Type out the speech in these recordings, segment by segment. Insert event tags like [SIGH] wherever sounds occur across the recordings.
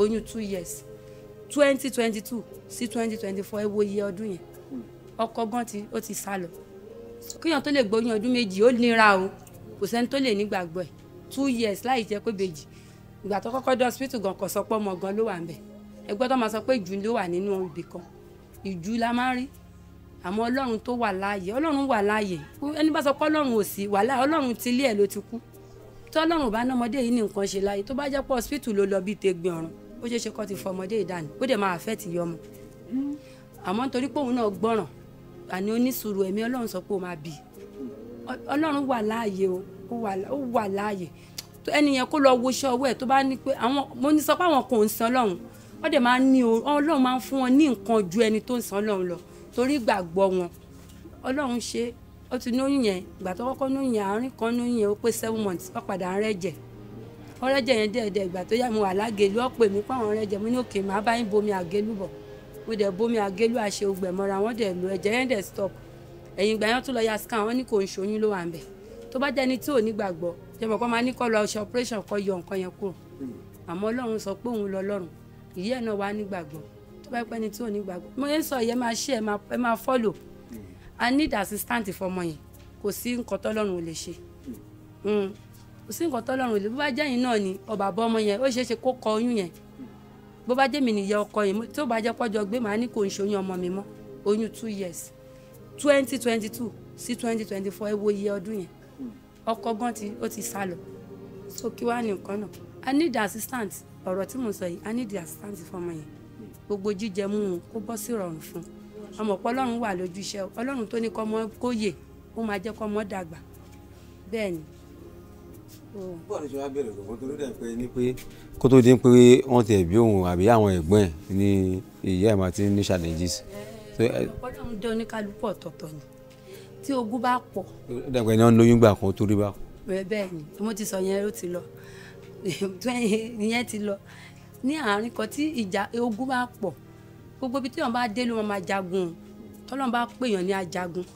oyún two years twenty twenty two sí twenty twenty four ẹ wo iye ọdún yẹn ọkọ gan ti ó ti sá lọ kíyàn tó lè gbóyún ọdún méjì ó nira o kò sẹ́ni tó lè nígbàgbọ́ ẹ̀ two years láì jẹ́ pé bèjì ìgbà tó kọ́kọ́ dé hospital gan kò sọ pé ọmọ gan ló wà ń bẹ̀ ẹ gbọ́dọ̀ máa sọ pé ìjú ló wà nínú ibì kan ìjú la máa ń rí àmọ́ ọlọ́run tó wà láàyè ọlọ́run wà láàyè ẹni bá sọ pé ọlọ́run ò sí wà láàyè ọlọ́run ti ilé ẹ̀ ló ti kú tí ọlọ́run bá ná ọmọdé yìí ní nǹkan ṣe láàyè tó bá jẹ́ pé hospital ló lọ bíi tẹ̀gbìn ọ̀run ó ṣeé ṣe kó ti fọmọdé ìdánù ó dẹ̀ máa fẹ́ ti yọ ọmọ àmọ́ nítorí pé òun náà gbọ́ràn àní onísùúrù ẹ̀mí ọlọ́run sọ pé ó máa bì ọlọ́run wà láàyè o ó wà láàyè ẹni yẹn kó lọ wo iṣẹ́ ọwọ́ ẹ̀ tó bá ní pé àwọn mo ní sọ pé àwọn kò ń san ọlọ́run wọ́n dẹ̀ máa ń ní ọlọ́run máa ń fún wọn ní nǹkan ju ẹni tó ń san ọlọ́run lọ torí gbàgbọ́ wọn ọlọ́run ṣe ó ti lóyún yẹn ìgbà tó kọ́kọ́ lóyún yẹn àárín kan lóyún yẹn ó pé seven months ó padà ń rẹ́jẹ̀ wọ́n rẹ́jẹ̀ yẹn dẹ̀dẹ̀ ìgbà tó yá mo wà lágẹ̀lú ọ̀pẹ̀ mi pé àwọn rẹ́jẹ̀ mo ní òkè máa bá yín bomi àgẹ́lú bọ̀ mo dẹ̀ bomi àgẹ́lú àṣẹ ògbẹ̀mọ́ra wọ́n dẹ̀ lu ẹ̀jẹ̀ yẹn dẹ̀ stop ẹ̀yìn ìgbà yẹn tún lọ ya scan wọ́n ní kò ń ṣoyún ló wà ń bẹ̀ tó bá jẹ́ni tí ò ní gbàgbọ́ jẹ́mọ̀ kọ́ máa ní kọ́ lọ ṣe operation kọ́ yọ nǹkan yẹn kúrò àmọ́ ọlọ́run sọ pé òun lọ lọ́rùn ìyá ẹ̀ náà wà ní gbàgbọ́ tó bá pẹ́ ni tí ò ní gbàgbọ́ follow I need assistant fọmọ yẹn kò sí nǹkan tọ́lọ́run sí nǹkan tọ́lọ́run ò lè bó bá jẹ́ yín náà ni ọba àbọ̀ ọmọ yẹn ó ṣeé ṣe kó kọ oyún yẹn bó bá jẹ́ mi nìyẹn ọkọ yẹn tó bá jẹ́ pọ́jọ gbé màá ní kò ń ṣe ọmọ mi mọ́ oyún two years twenty twenty two sí twenty twenty four ẹ iye ọdún yẹn ọkọ gan ti ó ti sá so kí wàá ní nǹkan náà i need assistant ọ̀rọ̀ tí mo sọ yìí i need assistant fọmọ yẹn gbogbo jíjẹ mú un kó bọ́ sí ìrọ̀rùn fún un ọmọ pé wà lójú ọlọ́run tó ní kọ́mọ kó yè ó máa jẹ́ kọ́mọ dàgbà bẹ́ẹ̀ ni bọ́ọ̀lù ṣe wá bẹ̀rẹ̀ gbogbo torí dẹ̀ pé ní pé kó tó di pé wọ́n ti ẹ̀bí òun àbí àwọn ẹ̀gbọ́n ẹ̀ ní ìyá ẹ̀ máa ti ní challenges. ọ̀pọ̀lọpọ̀ ń jẹ́ oníkálukú ọ̀tọ̀ọ̀tọ̀ ni tí ogún bá pọ̀. dàgbà ni wọ́n lóyún gbà kan torí bá. bẹ́ẹ̀ ni mo ti sọ yẹn ó ti lọ [LAUGHS] ìyẹn ti lọ ní àárín kan tí ìjà ogún bá pọ̀ gbogbo ibi tí wọ́n bá dé ló wọn máa jagun tọ́lọ́n bá pèèyàn ní ajagun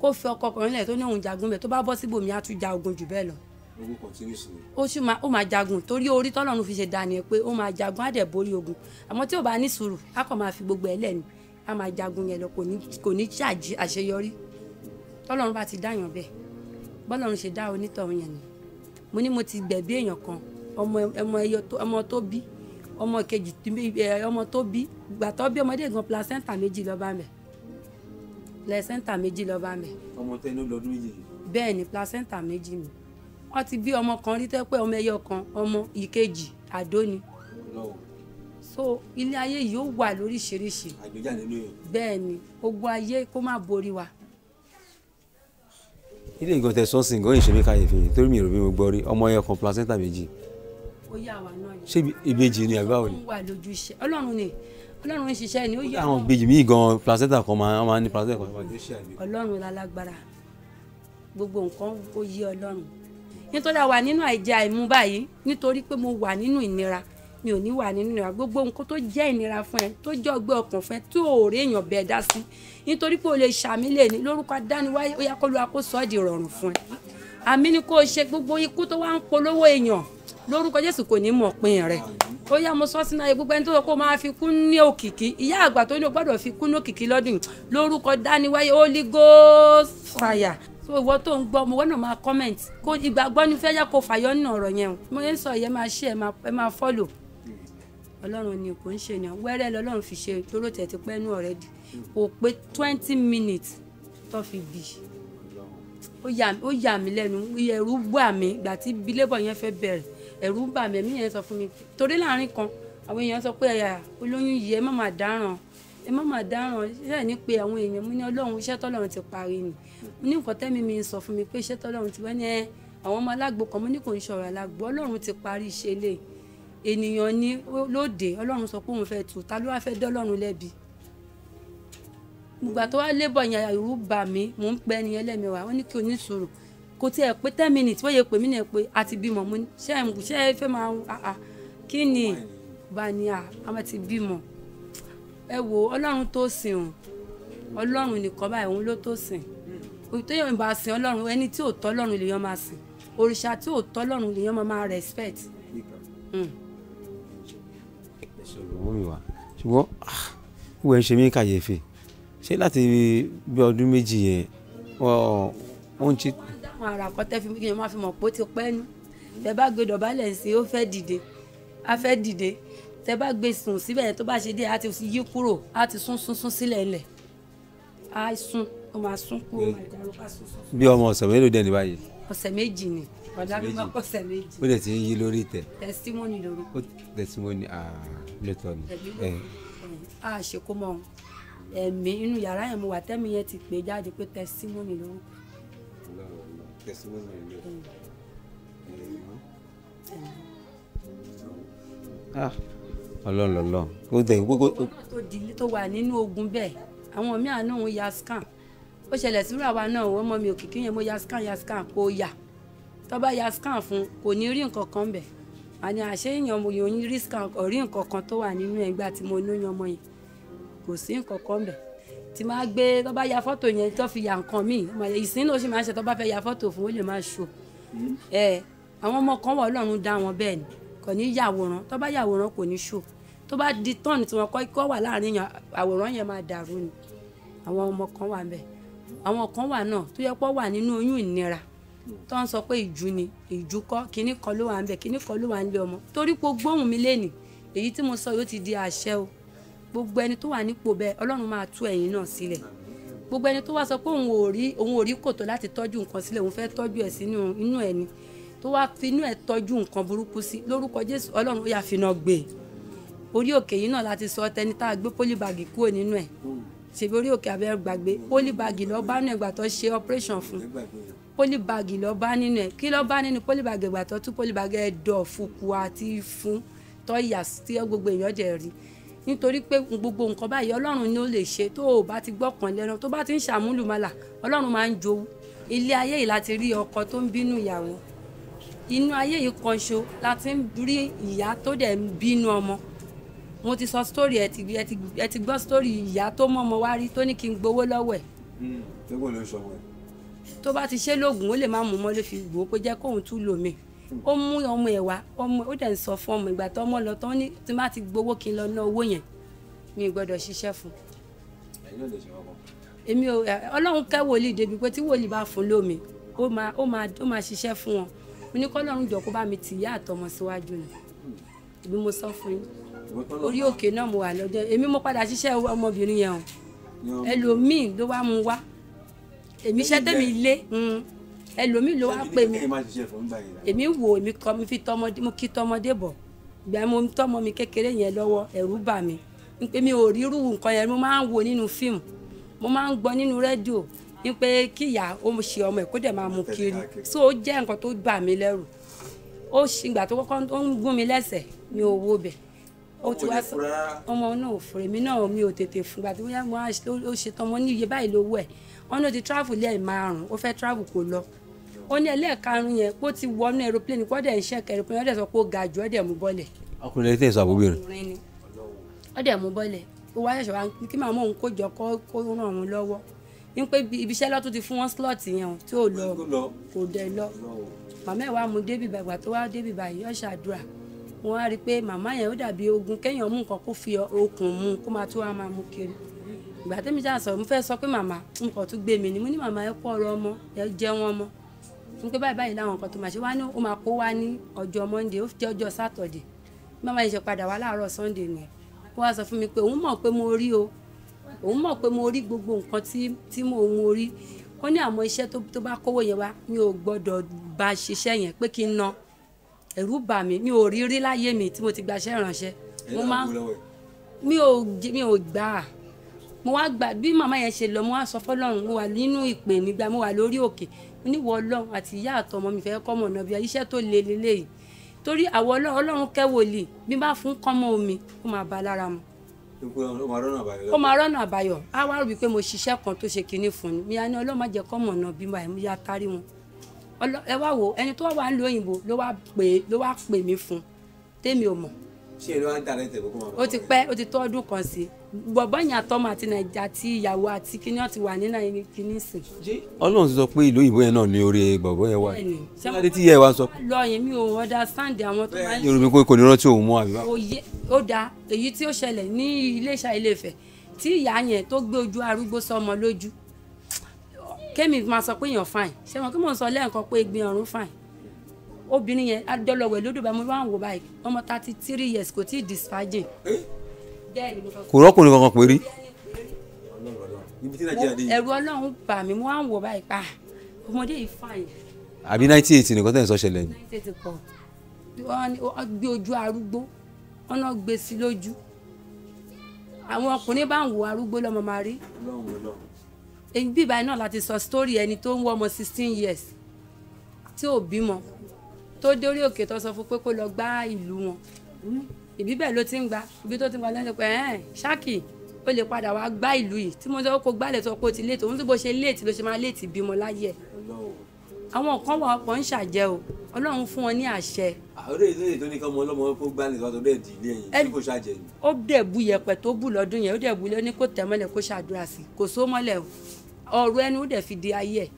kó fi ọkọ ọkùnrin lẹ̀ tó ní òun jagun bẹ̀ tó bá bọ́ síbòmí á tún ja ogun jù bẹ́ẹ̀ lọ ogun continues ni. ó sì máa ó máa jagun torí orí tọ́lọ́run fi ṣe dá pé ó máa jagun á dẹ̀ borí ogun àmọ́ tí ò bá ní sùúrù á kàn máa fi gbogbo ẹ̀ lẹ́nu á máa jagun yẹn lọ kò ní kò ní ṣàjì àṣeyọrí tọ́lọ́run bá ti dáyàn bẹ́ẹ̀ bọ́lọ́run ṣe dá onítọ̀hún yẹn ni mo ní mo ti gbẹ̀bí èèyàn kan ọmọ ẹyọ ọmọ tó bí ọmọ kejì ọmọ tó bí gbàtọ́ bí ọmọdé gan placenta méjì lọ́ba mẹ́ placenta méjì lọ́ba mẹ́. ọmọ tẹnu lọdún méjì. bẹ́ẹ̀ ni placenta méjì mi wọ́n ti bí ọmọ kan rí tẹ́pẹ́ ọmọ ẹyọ kan ọmọ ìkejì àdó so ilé ayé yìí ó wà lóríṣiríṣi bẹ́ẹ̀ ni ogun ayé kó má borí wa. ilé ìgbọ̀n tẹ̀sán sìn gan ìṣẹ́mi káyẹ̀fì torí mi ò rò mo gbọ́ rí ọmọ ẹyọ kan placenta méjì ni. ṣé ìbejì ni àbí báwo ni. ọlọ́run ni ọlọ́run ń ṣiṣẹ́ ni ó yà wọ́n. àwọn ìbejì míì gan placenta kan máa máa ní placenta kan. ọlọ́run lálágbára gbogbo nǹkan ó yé ọlọ́run nítorí a wà nínú àìjẹ àìmu báyìí nítorí pé mo wà nínú ìnira mi ò ní wà nínú ìnira gbogbo nǹkan tó jẹ́ ìnira fún ẹ tó jẹ́ ọgbẹ́ ọkàn fún ẹ tó ò rí èèyàn bẹ́ẹ̀ dá sí nítorí pé o lè ṣàmì lè ní lórúkọ adániwáyé ó yá kó lu akóso ọ̀dì rọrùn fún ẹ àmì ni kó ṣe gbogbo ikú tó wá ń polówó èèyàn lórúkọ jésù kò ní mọ̀ pin rẹ̀ ó yá mo sọ sínú ayé gbogbo ẹni tó sọ pé ó máa fi kún ní òkìkí ìyá àgbà tó ní o gbọ́dọ̀ fi kún ní òkìkí lọ́dún lórúkọ dániwáyé holy ghost fire ìwọ tó ń gbọ́ mo wọ́n náà máa comment kó ìgbàgbọ́ ni fẹ́ yẹ kó fàyọ́ nínú ọ̀rọ̀ yẹn o mo yẹn sọ yẹn máa ṣe ẹ máa follow ọlọ́run ni kò ń ṣe ni wẹ́rẹ́ lọ́lọ́run fi ṣe tóró tẹ̀ ti pẹ́ nú already kò pé twenty minutes tó fi bì ó yà mí lẹ́nu ẹ̀rù bà mí ìgbà tí bílébọ̀ yẹn fẹ́ bẹ̀rẹ̀ ẹ̀rù bà mí ẹ̀mí yẹn sọ fún mi torí láàrin kan àwọn èèyàn sọ pé ẹ̀yà olóyún yìí ẹ má máa dáràn ẹ má máa dáràn ṣẹ́ẹ̀ ní pé àwọn èèyàn mú ní ọlọ́run iṣẹ́ tọ́lọ́run ti parí ni ní nǹkan tẹ́mi mi sọ fún mi pé iṣẹ́ tọ́lọ́run ti wẹ́ ní ẹ àwọn ọmọ alágbo kan mo ní kò ń ṣọ̀rọ̀ alágbo ọlọ́run ti parí iṣẹ́ lè ènìyàn ní lóde ọlọ́run sọ pé òun fẹ́ tù ta ló wá fẹ́ dọ́lọ́run lẹ́bi ìgbà tó wá lébọ̀ yẹn àyùrú bà mí mò ń pẹ́ ẹni ẹlẹ́mìíwá wọ́n ní kí o ní sùúrù kò tiẹ̀ pé ten minutes wọ́n yẹ pè mí náà pé a ti bímọ mo ní ṣé ẹ ṣé ẹ fẹ́ máa àà ah, ah, kí ni bá ní à ah, àwọn ti bímọ ẹ wo ọlọ́run tó sìn ọlọ́run nìkan báyìí òun ló tó sìn téèyàn bá sin ọlọ́run ẹni tí ò tọ́ ọlọ́run lèèyàn máa sìn òrìṣà tí ò tọ́ ọlọ́run lèèyàn máa máa respect. Hmm. ṣùgbọ́n ah, wọ́n ń ṣe mí kàyéfì ṣé láti bí ọdún méjì yẹn wọ́n ń ṣe. àwọn ará kan tẹ́ fi kí ni wọ́n fi mọ̀ pé ó ti pẹ́ nu tẹ́ bá gbé dọ̀bálẹ̀ ń sìn ó fẹ́ dìde á fẹ́ dìde tẹ́ bá gbé sùn síbẹ̀ yẹn tó bá ṣe dé á ti yí kúrò á ti sún sún sún sílẹ̀ ńlẹ̀ á sún ó máa sún kú bí ọmọ ọ̀sẹ̀ mélòó dẹ̀ ní báyìí. ọ̀sẹ̀ méjì ni ọ̀dà mi máa kọ́ ọ̀sẹ̀ méjì. ó dẹ̀ ti ń yí lórí tẹ̀. testimony lorúkọ. ó testimony lóòótọ́ ni. a ṣe kó mọ ẹ̀mí inú yàrá yẹn mo wà tẹ́mi yẹn ti pè jáde pé testimony lorúkọ. testimony lorúkọ. Ah, ọlọ́ọ̀lọ́ọ̀ ó tẹ̀ kókó. tó wà nínú ogun bẹ́ẹ̀ àwọn míì àánú ya ó ṣẹlẹ̀ sí ràwa náà wọ́n mọ́ mi òkìkí yẹn mo ya scan ya scan kò yà tó bá ya scan fún kò ní rí nǹkan kan bẹ̀ àní àṣé èèyàn mo yàn rí scan kò rí nǹkan kan tó wà nínú ẹ̀ nígbà tí mo lóyún ọmọ yẹn kò sí nǹkan kan bẹ̀ tí máa gbé tó bá ya fọ́tò yẹn tó fi ya nǹkan míì ìsìn ló ṣe máa ṣe tó bá fẹ́ ya fọ́tò fún ó lè máa ṣò ẹ àwọn ọmọ kan wà ọlọ́run dá wọn bẹ́ẹ̀ ni kò ní yàwòrán tó bá yàwòrán kò ní ṣò tó bá di tọ́ọ̀nù tí wọ́n kọ́ wà láàrin àwòrán yẹn máa dàrú ni àwọn ọmọ kan wà bẹ́ẹ̀ àwọn kan wà náà tó yẹ pé wà nínú oyún ìnira tó ń sọ pé ìjú ni ìjú kọ́ kinní kan ló wà ń bẹ̀ kinní kan ló wà ń lé ọmọ torí pé gbóhùn mi lé nì èyí tí mo sọ yóò ti di àṣẹ o gbogbo ẹni tó wà nípò bẹ́ẹ̀ ọlọ́run máa tú ẹ̀yin náà sílẹ̀ gbogbo ẹni tó wá sọ pé òun ò rí òun ò rí kòtò láti tọ́jú nǹkan sílẹ̀ òun fẹ́ tọ́jú ẹ̀ sínú inú ẹ̀ ni tó wá fi inú ẹ̀ tọ́jú nǹkan burúkú sí lórúkọ jésù ọlọ́run ó yà fi náà gbé orí òkè yìí náà láti sọ tẹni tá a gbé pólíbàgì kúrò nínú ẹ̀ ṣèbí orí òkè abẹ́ gbàgbé pólíbàgì lọ́ọ́ bá nínú ẹgbà tó ṣe operation fún pólíbàgì lọ́ọ́ bá nínú ẹ̀ kí lọ́ọ́ bá nínú pólíbàgì ẹgbà tó tú pólíbàgì ẹ̀dọ̀ fukù àti fún tọ́yà tí gbogbo èèyàn jẹ̀ rí nítorí pé gbogbo nǹkan báyìí ọlọ́run ni ó lè ṣe tó o bá ti gbọ́kàn lẹ́nu tó bá ti ń ṣàmúlùmọ́là ọlọ́run máa ń jowú ilé ayé yìí láti rí ọkọ tó ń bínú ìyàwó inú ayé yìí kan ṣo láti ń rí ìyá tó dẹ̀ ń bínú ọmọ mo ti sọ story ẹ ti ẹ ti ẹ ti gbọ́ story ìyá tó mọ́ ọmọ wá rí tó ní kí n gbowó lọ́wọ́ ẹ̀. Hmm, ṣé kò lè sọ̀rọ̀ ẹ̀. tó bá ti ṣe lóògùn ó lè má mú mọ́ ló fi wò ó pé jẹ́ kóun tún lò mí ó mú ọmọ ẹ̀ wá ọmọ ó dẹ̀ ń sọ fún ọmọ ìgbà tó ọmọ lọ tán ní tí má ti gbowó kí n lọ ná owó yẹn mi gbọ́dọ̀ ṣiṣẹ́ fún. èmi ò ọlọ́run kẹ́ wòlíì débi pé tí wòlíì bá fún lómi ó máa ó máa ṣiṣẹ́ fún wọn mo ní kọ́lọ́run jọ kó bá mi tì í yá àtọmọ síwájú ni ìbí hmm. mo sọ fún yín orí òkè náà mo wà lọ́jọ́ èmi mo padà ṣiṣẹ́ ọmọbìnrin yẹn o ẹlòmíì ló wá mu wá èmi iṣẹ́ tẹ̀mí lé hmm. ẹlòmíì ló wá pè mí èmi wò èmi kọ́ mi fi tọmọdé mo kí tọmọdé bọ̀ gbà mo tọmọ mi kékeré yẹn lọ́wọ́ ẹ̀rù bà mí n pé mi ò rírú nǹkan yẹn mo máa ń wo nínú fíìmù mo máa ń gbọ́ nínú rédíò ní pé kíyà ó ṣe ọmọ ẹ̀ kó dẹ̀ máa mú kiri so ó jẹ́ nǹkan tó bà mí lẹ́rù ó ṣe ìgbà tó kọ́kọ́ ń gún mi lẹ́sẹ̀ mi ò wo bẹ̀ ó ti wá sọ ọmọ náà fún èmi náà mi ò tètè fún gbàtí bóyá mo ó ṣe tán mo ní iye báyìí lówó ẹ̀ wọn ló ti travel lẹ́ẹ̀ márùn-ún ó fẹ́ travel kó lọ ó ní ẹlẹ́ẹ̀karùn yẹn kó ti wọnú aeroplane kó dẹ̀ ń ṣe kẹrin pé wọ́n dẹ̀ sọ pé ó ga jù ọ́ dẹ̀ mú bọ́lẹ̀. ọkùnrin tẹ̀ sọ àbúrò rẹ̀. ó dẹ̀ mú bọ́lẹ̀ ó wá ṣẹ̀ṣẹ̀ wá kí màmá òun kó jọ kó ràn òun lọ́wọ́ ní pé ibiṣẹ́ lọ́tún ti fún wọn slot yẹn tí ò lọ kò dẹ̀ lọ màmá ẹ̀ wá mú débìbà ìgbà tó wá débìbà yìí ó mo wá rí i pé màmá yẹn ó dàbí ogun kéèyàn mú nǹkan kó fi okùn mu kó máa tó wá máa mú kiri ìgbà tẹ́mi já sọ mo fẹ́ sọ pé màmá nǹkan tún gbé mi ni mo ní màmá ẹ kọ́ ọ̀rọ̀ ọmọ ẹ jẹun ọmọ mo pé báyìí báyìí láwọn nǹkan tó máa ṣe wá ní ó máa kó wá ní ọjọ́ monday ó jẹ́ ọjọ́ saturday màmá yẹn ṣe padà wá láàárọ̀ sunday nìyẹn ó wá sọ fún mi pé òun mọ̀ pé mo rí o òun mọ̀ pé mo rí gbogbo nǹkan tí mo mo rí ó ní àmọ́ iṣẹ́ tó bá kówó yẹn wá mi ò gbọ́dọ̀ bá ṣiṣẹ́ yẹn pé kí n ná ẹ̀rù bà mí mi ò rí rí láyé mi tí mo ti gbaṣẹ́ ìránṣẹ́ mo máa mi ò mi ò gbà á mo wá gbà bí màmá yẹn ṣe lọ mo wá sọ fọ́lọ́run mo wà nínú ìpè nígbà mo wà lórí òkè mo ní wọ Ọlọ́run àti ìyá àtọmọ mi fẹ́ kọ́ mọ̀ náà bí iṣẹ́ tó le leléyìí torí àwọn Ọlọ́run kẹ́wòlì bí bá fún kọ́mọ omi ó máa ba lára mu ó máa rọ́nà àbáyọ á wá rò wípé mo ṣiṣẹ́ kan tó ṣe kinní fún mi mi á ní Ọlọ́run má jẹ́ kọ́mọ náà bí mo yà tárí wọn ẹ wá wo ẹni tó wà nílùú òyìnbó ló wá pè ló wá pè mí fún tèmi ò mọ̀. ṣé ìlú wa ń darẹ̀ tẹ̀ kókó máa. ó ti pẹ́ ó ti tó ọdún kan sí bọ̀bọ́ ìyá tọ́mọ àti nàìjà àti ìyàwó àti kíní ọ̀tí wà ní nàìjíríà kíní sìn. ọlọ́run ti sọ pé ìlú òyìnbó yẹn náà ní orí bọ̀bọ́ yẹn wà ṣáàdé tí ìyá ẹ wá sọ. lọ́yìn mi ò understand àwọn tó máa ń. yorùbá kò kò ní rántí òun mọ́ àbí. òye ó dáa èyí tí ó ṣẹlẹ̀ ní iléṣà ilé Ifẹ̀ tí ìyá yẹn tó gbé ojú arúgbó sọmọ lójú kémi máa sọ pé èèyàn fine ṣé wọn kí mò ń sọ lẹ́ẹ̀kan pé gbin ọ̀run fine obìnrin yẹn adọ́lọ́wẹ̀ lódò bá mo wá ń wò báyìí ọmọ thirty three years kò tí ì disfagin. kò rọ́kùnrin kankan péré. ẹ̀rù ọlọ́run bà mí mo wá ń wò báyìí pa ah, ọmọdé yìí fine. àbí ninety eight nìkan tẹ̀ ń sọ ṣẹlẹ̀ ni. wọ́n gbé ojú arúgbó wọ́n náà gbé sí lójú àwọn ọkùnrin bá ń wo arúgbó lọ́mọ máa rí ibi ìbáyìí náà láti sọ story ẹni tó ń wọ ọmọ sixteen years tí ò bímọ tó dé orí òkè tó sọ fún pé kó lọ gbá ìlú wọn ìbí bẹ́ẹ̀ ló ti ń gba ibi tó ti ń gba lẹ́nu pé ẹ̀ẹ́n ṣáàkì ó lè padà wá gbá ìlú yìí tí mo sọ kó gbálẹ̀ tó kó ti léètì òun tó bó ṣe léètì ló ṣe máa léètì bímọ láyé ẹ̀ àwọn kan wà ọ̀pọ̀ ń ṣàjẹ́ o ọlọ́run fún wọn ní àṣẹ. àárẹ̀ ilé tó ní kọ́mọ ọlọ́mọ kó gbálẹ̀ lọ́dọ̀ bẹ́ẹ̀ di ilé yẹn tí kò ṣàjẹ́ ni. ó dẹ̀ bu yẹ̀pẹ̀ tó bù lọ́dún yẹn ó dẹ̀ bu lé ní kó tẹ̀ mọ́lẹ̀ kó ṣàdúrà sí kò só mọ́lẹ̀ o ọ̀rọ̀ ẹnu dẹ̀ fi di ayé ẹ̀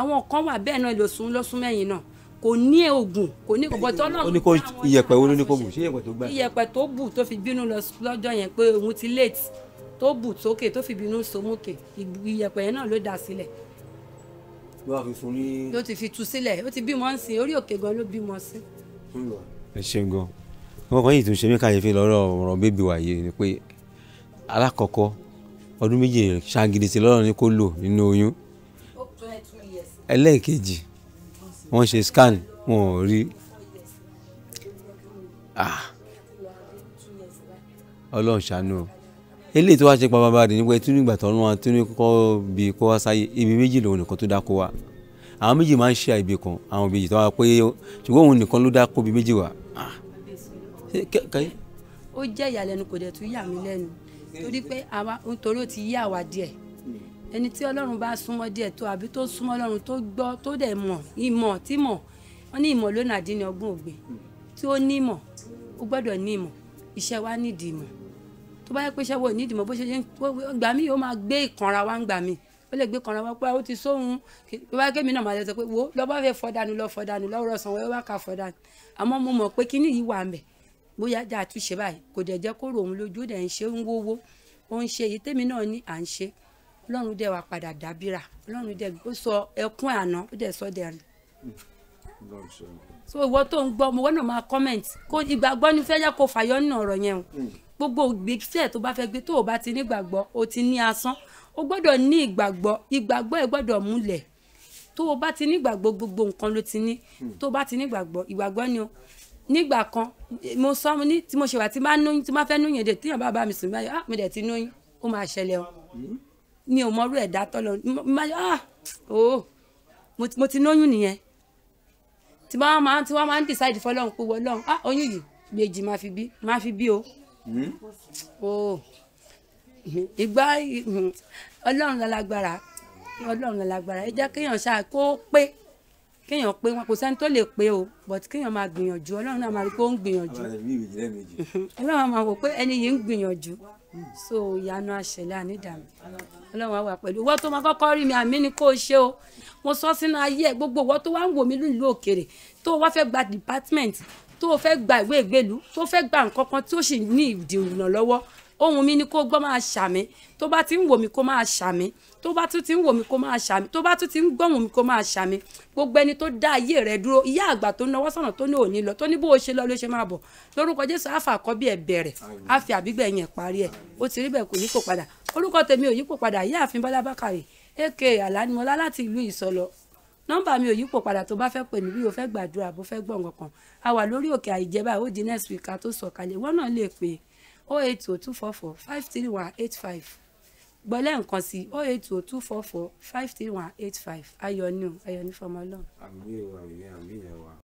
àwọn kan wà bẹ́ẹ̀ náà lọ́sùn lọ́sùn mẹ́yìn náà kò ní oògùn kò ní kòkò tó náà. ó ní kó iyẹ̀pẹ̀ wo ló ní kó bù ṣé iyẹ̀pẹ̀ tó gbà. iyẹ̀pẹ̀ tó bù tó fi bínú lọ lọ́jọ́ yẹn pé òun ti late tó bù sókè tó fi bínú sómùkè iyẹ̀pẹ̀ yẹn náà ló dà sílẹ̀. ló wàá fi fún ní. ló ti fi tú sílẹ̀ ó ti bímọ sí orí òkè gan ló bímọ sí. ẹ ṣe gan wọn yìí tún ṣe mí káyé fi lọ́rọ̀ ọ̀rọ̀ bébì wáyé ni pé alákọ̀ọ́kọ́ ọdún méjì ṣàgìdì sí lọ́rọ̀ ni kó lò nínú oyún ẹlẹ́ẹ̀kejì wọ́n ṣe scan wọn ò rí ah, ọlọ́run ṣàánú o eléyìí tó wá ṣe pàápàá rẹ̀ nípa ẹtú nígbà tọ́nu wa tó ní kọ́ bí kó wá sáyé ibi méjì lòun nìkan tó dáko wa àwọn méjì máa ń ṣe àìbí kan àwọn méjì tó wá pé ṣùgbọ́n òun nìkan ló dáko bí méjì wa. Ah, ó jẹ́ ìyàlẹ́nu kò dẹ̀ tún yà mí lẹ́nu torí pé àwa nítorí ó ti yí àwa díẹ̀ ẹni tí ọlọ́run bá súnmọ́ díẹ̀ tó àbí tó súnmọ́ ọlọ́run tó gbọ́ tó dẹ̀ mọ̀ ìmọ̀ tí mọ̀ wọ́n ní ìmọ̀ lónà àdín ní ọgbọ́n ògbìn tí ó ní ìmọ̀ ó gbọ́dọ̀ ní ìmọ̀ iṣẹ́ wa nídìí ìmọ̀ tó bá yẹ pé iṣẹ́ wo nídìí ìmọ̀ bó ṣe ṣe ń gbà mí ó máa gbé ìkanra wa ń gbà mí ó lè gbé kanra wa pé ó ti sóhun tó bá kémi náà máa lọ sọ pé wo lọ́ bá fẹ́ fọ́ dànù lọ fọ́ dànù lọ́wọ́ sanwó ẹ wá ká fọ́ dànù àmọ́ mo mọ̀ pé kíní yìí wà mẹ́ bóyá já àtúnṣe báyìí kò dẹ̀ jẹ́ kó rò òun lójú dẹ̀ ń ṣe ń wówó ó ń ṣe èyí tèmi náà ní à ń ṣe ọlọ́run dẹ̀ wá padà dábìrà ọlọ́run dẹ̀ ó sọ ẹkún àná ó dẹ̀ sọ dẹ̀ rìn. so ìwọ tó ń gbọ́ mo wọ́n máa comment kó ìgbàgbọ́ ni fẹ́ yẹ kó fàyọ́ nínú ọ̀rọ̀ yẹn o hmm. gbogbo ìgbésẹ̀ tó bá fẹ́ gbé tó o bá ti ní ìgbàgbọ́ o ti ní asán o gbọ́dọ̀ ní ìgbàgbọ́ ìgbàgbọ́ ẹ gbọ́dọ̀ múlẹ̀ tó o bá ti ní gbogbo nǹkan ló ti ní hmm. tó o bá ti ní ìgbàgbọ́ ni o nígbà kan mo sọ mo ní tí mo ṣe wà tí bá nóyún tí bá fẹ́ nóyún èdè tíyàn bá bá mi sùn báyọ̀ ah mo dẹ̀ ti nóyún ó máa ṣẹlẹ̀ o mi ò mọrú ẹ̀dá tọ́lọ ah oh mo ti nóyún nìyẹn tí wọ́n máa tí wọ́n máa ń decide fọlọ́run pé wọlọ́run ah oyún yìí méjì máa fi bí máa fi bí o oh ìgbà ọlọ́run lálágbára ọlọ́run lálágbára ẹ jẹ́ kéèyàn ṣáà kó pé kéèyàn pé wọn kò sẹ́ni tó lè pé o but kéèyàn máa gbìyànjú ọlọ́run náà máa rí pé ó ń gbìyànjú ọlọ́run máa wò pé ẹni yìí ń gbìyànjú so ìyanu àṣẹlẹ̀ ànídàmí ọlọ́run á wà pẹ̀lú ìwọ tó máa kọ́kọ́ rí mi àmì ni kó o ṣe o mo sọ sínú ayé ẹ gbogbo ìwọ tó wá ń wò mí nílùú òkèrè tó wá fẹ́ gba department tó fẹ́ gba ìwé ìgbélú tó fẹ́ gba nǹkan kan tó sì ní ìdìrùnà lọ́wọ́ ohun mi ni kó gbọ́ máa ṣàmì tó bá ti ń wò mí kó máa ṣàmì tó bá tún ti ń wò mí kó máa ṣàmì tó bá tún ti ń gbọ́hùn mi kó máa ṣàmì gbogbo ẹni tó dá ayé rẹ dúró ìyá àgbà tó náwó sọ̀nà tó ní òní lọ tó ní bó o ṣe lọ ló ṣe máa bọ̀ lórúkọ jésù àfà àkọ́bí ẹ̀ bẹ̀rẹ̀ àfi àbígbẹ̀yìn ẹ̀ parí ẹ̀ ó ti rí bẹ́ẹ̀ kò yípo padà orúkọ tèmi ò yípo padà ìyá àfin bọ́lá bákàrè aka àlánimọ́lá láti ìlú ìsọlọ nọ́mbà mi ò yípo padà tó bá fẹ́ pè mí bí o fẹ́ gbàdúrà bó fẹ́ gbọ̀ngàn kan a wà lórí òkè àìjẹba ó next week ká tó sọ̀kalẹ̀ wọ́n náà lè pè é oh eight two two four four five three one eight five gbọ́lẹ́ nǹkan sí oh eight two two four four five three one eight five ayọ̀ ni o ayọ̀ ni fọmọ ọlọ́run. àmì ẹ̀ wà àmì ẹ̀ wà.